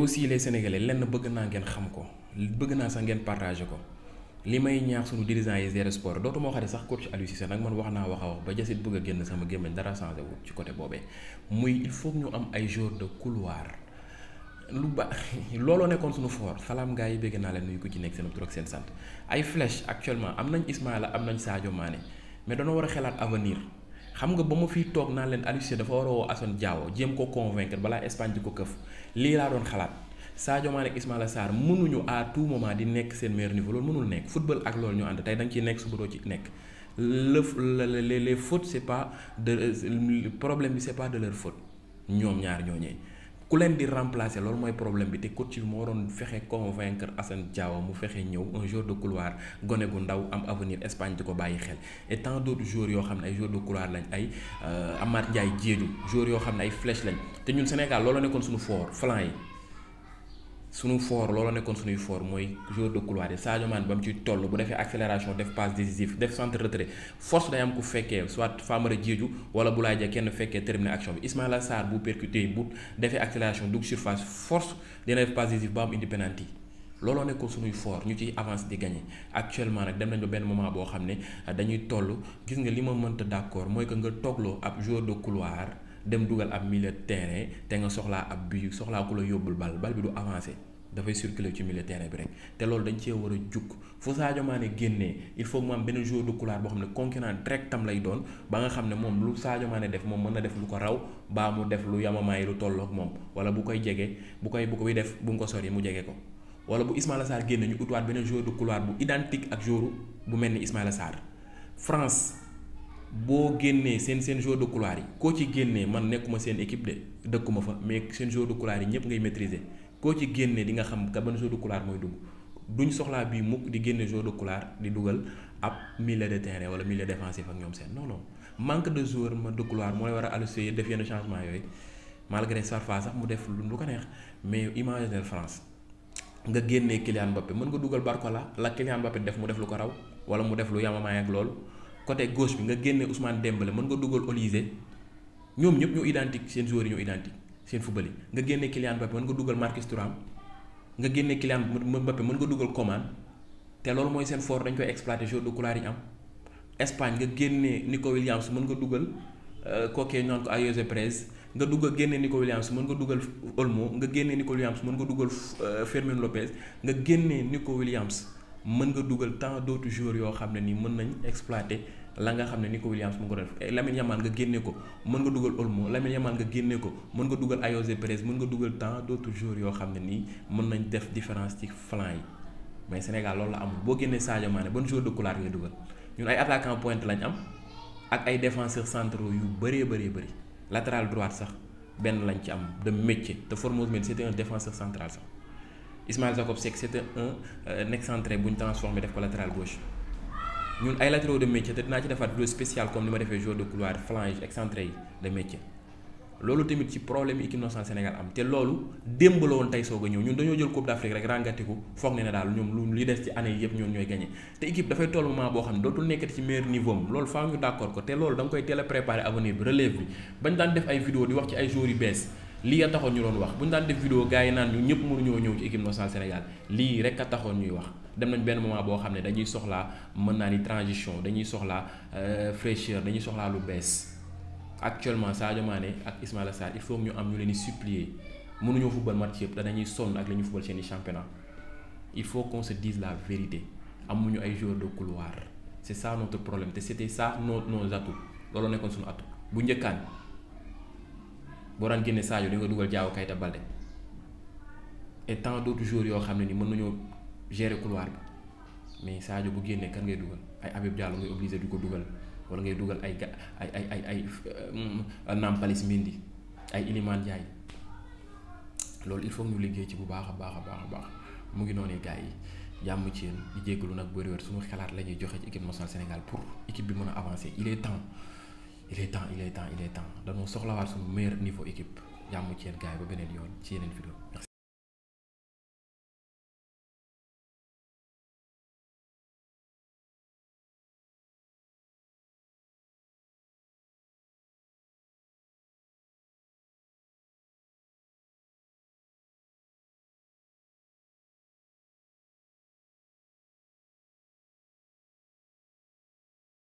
aussi les sénégalais lenn bëgg naa ngeen xam ko bëgg na sax ngeen partagé ko li may ñaax suñu dirigeants yi gérer sport dootuma waxati sax coach Aliou Cissé nag man wax naa wax a wax ba jasit bëgg génn sama gémmañ dara changé wu ci côté boobee muy il faut ñu am ay joueurs de couloir lu ba looloo nekkoon sunu fort salaam gars yi bëgg naa leen nuy ko ci nekk seen tur ak seen sant ay flèche actuellement am nañ la am nañ Sadio Mané mais dañoo war a xelaat avenir xam nga ba ma fiy toog naa leen Aliou dafa war a woo Assane Diao jéem ko convaincre balaa Espagne di ko këf lii laa doon xalaat Sadio Mané ak Ismaïla Sarr mënuñu à tout moment di nekk seen meilleur niveau loolu mënul nekk football ak loolu ñu ànd tey da nga ciy nekk suba doo ci nekk le les fautes c'est pas de problème bi c'est pas de leur faute ñoom ñaari ñooñee ku leen di remplacer loolu mooy problème bi te coach bi moo waroon fexe convaincre Assane Diao mu fexe ñëw un joueur de couloir gone gu ndaw am avenir Espagne di ko bàyyi xel et tant d' autres yoo xam ne ay joueurs de couloir lañ ay euh, Amath Ndiaye Diédhiou joueurs yoo xam ne ay flèche lañ te ñun Sénégal loolu nekkoon suñu fort flanc yi. sunu fort loola nekkoon sunuy fort mooy joueur de couloir yi Sadio ba mu ci toll bu defee accélération def passe décisif def centre retrait force day am ku fekkee soit Famara Diédhiou wala Boulaye Dia kenn fekkee terminé action bi a Sarr bu percuté bu defee accélération dugg surface force dina def passe décisif ba am indi penalty looloo nekkoon suñuy fort ñu ci avance di gagné actuellement nag dem nañ ba benn moment boo xam ne dañuy toll gis nga li ma mënta d'accord mooy que nga toogloo ab joueur de couloir dem dugal ab milieu terrain te nga soxlaa ab bi soxlaa ku la yóbbul bal bal bi du avancé dafay circuler ci milieu terrain bi rek te loolu dañ cee war a jukk fu Sadio Mané génnee il faut mu benn joueur de boo xam ne concurrent direct am doon ba nga xam ne moom lu Sadio Mané def moom mën na def lu ko raw baa mu def lu yamamaay lu tolloog moom wala bu koy jege bu koy bu koy def bu mu ko sori mu jege ko wala bu Ismaïla Sarr génne ñu utiwaat beneen joueur de couloir bu identique ak joueur bu mel ni Ismaïla saar France. boo génnee seen seen joueur de couloir yi koo ci génnee man nekkuma seen équipe de dëkkuma fa mais seen joueur de couloir yi ñëpp ngay maîtriser koo ci génnee di nga xam ka ban joueur de couloir mooy dugg duñ soxlaa bii mukk di génne joueur de couloir di dugal ab milieu de terrain wala milieu défensif ak ñoom seen non non manque de joueur ma de couloir moo war a alluser def yenn changement yooyu malgré Sarfaa sax mu def lu ko neex mais image de France nga génnee Kylian Mbappé mën nga dugal Barcola la Kylian Mbappé def mu def lu ko raw wala mu def lu yamamaay ak loolu. côté gauche bi nga génne Ousmane Dembélé mën nga dugal Olise ñoom ñëpp ñoo identique seen joueurs yi ñoo identique seen football yi nga génne Kylian Mbappé mën nga dugal Marcus Thuram nga génne Kylian Mbappé mën nga dugal Coman te loolu mooy seen fort dañu koy exploité jour de couloir yi am Espagne nga génne Nico Williams mën nga dugal euh, kookee naan ko Ayoze Perez nga dugg génne Nico Williams mën nga dugal Olmo nga génne Nico Williams mën nga dugal euh, Fermin Lopez nga génne Nico Williams. mën nga dugal temps dootu jour yoo xam ne nii mën nañ exploiter la nga xam ne Nico Williams mu ngi ko def eh, Lamine Yamal nga génne ko mën nga dugal Olmo Lamine Yamal nga génne ko mën nga dugal Ayoze Perez mën nga dugal tant d' autres joueurs yoo xam ne nii mën nañ def différence ci flanc yi mais Sénégal loolu la amul boo génnee Sadio Mané ban joueur de couloir ngay dugal ñun ay attaquant pointe lañ am ak ay défenseurs centraux yu bëree bëree bëri latéral droite sax benn lañ ci am de métier te Formose Mendy c'était un défenseur Ismaël Jacob Seck c' était un euh, excentré bu ñu transformé def ko latéral gauche ñun ay latéraux de métier te dinaa ci defaat vidéo spécial comme ni ma defee joueur de couloir flange excentré yi de métier. loolu tamit ci problème équipe nationale Sénégal am te loolu démb la woon tey soog ñëw ñun dañoo jël coupe d' rek ràngatiku foog ne ne daal ñoom lu li des ci année yëpp ñoom ñooy gagné te équipe dafay toll moment boo xam ne dootul nekkati ci meilleur loolu faaw ñu d' accord ko te loolu da nga a préparé avenir bi lii a taxoon ñu doon wax bu ñu daan def vidéo gars naan ñu ñëpp mënuñoo ñëw ci équipe nationale Sénégal lii rek a taxoon ñuy wax dem nañ benn moment boo xam ne dañuy soxlaa mën naa ni transition dañuy soxlaa euh, fraîcheur dañuy soxlaa lu bees actuellement Sadio Mané ak Ismaïla Sarr il faut ñu am ñu leen di supplier mënuñoo football match yëpp danañuy sonn ak li ñu football seen i championnat il faut qu'on se dise la vérité amuñu ay joueurs de couloir c'est ça problème te c'était ça nos nos atouts looloo nekkoon bu njëkkaan. boo daan génne Sadio di nga jaaw Diao Keita Baldé et tant d'autres joueurs yoo xam ne ni mën nañoo gérer couloir bi mais Sadio bu génnee kan ngay dugal ay Habib Diallo ngay obligé di ko dugal wala ngay dugal ay ga ay ay ay ay euh, Nampalys Mendy ay Iliman Ndiaye loolu il faut ñu liggéey ci bu baax a baax baax baax mu ngi noonu gars yi jàmm ci yéen di jéggalu nag bëri wér suñu xalaat la ñuy joxe ci équipe nationale Sénégal pour équipe bi mën a avancer il est temps. il est temps il est temps il est temps dañoo soxlawaat suñu meilleur niveau équipe jàmm ci yéen gars ba beneen yoon ci yeneen vidéo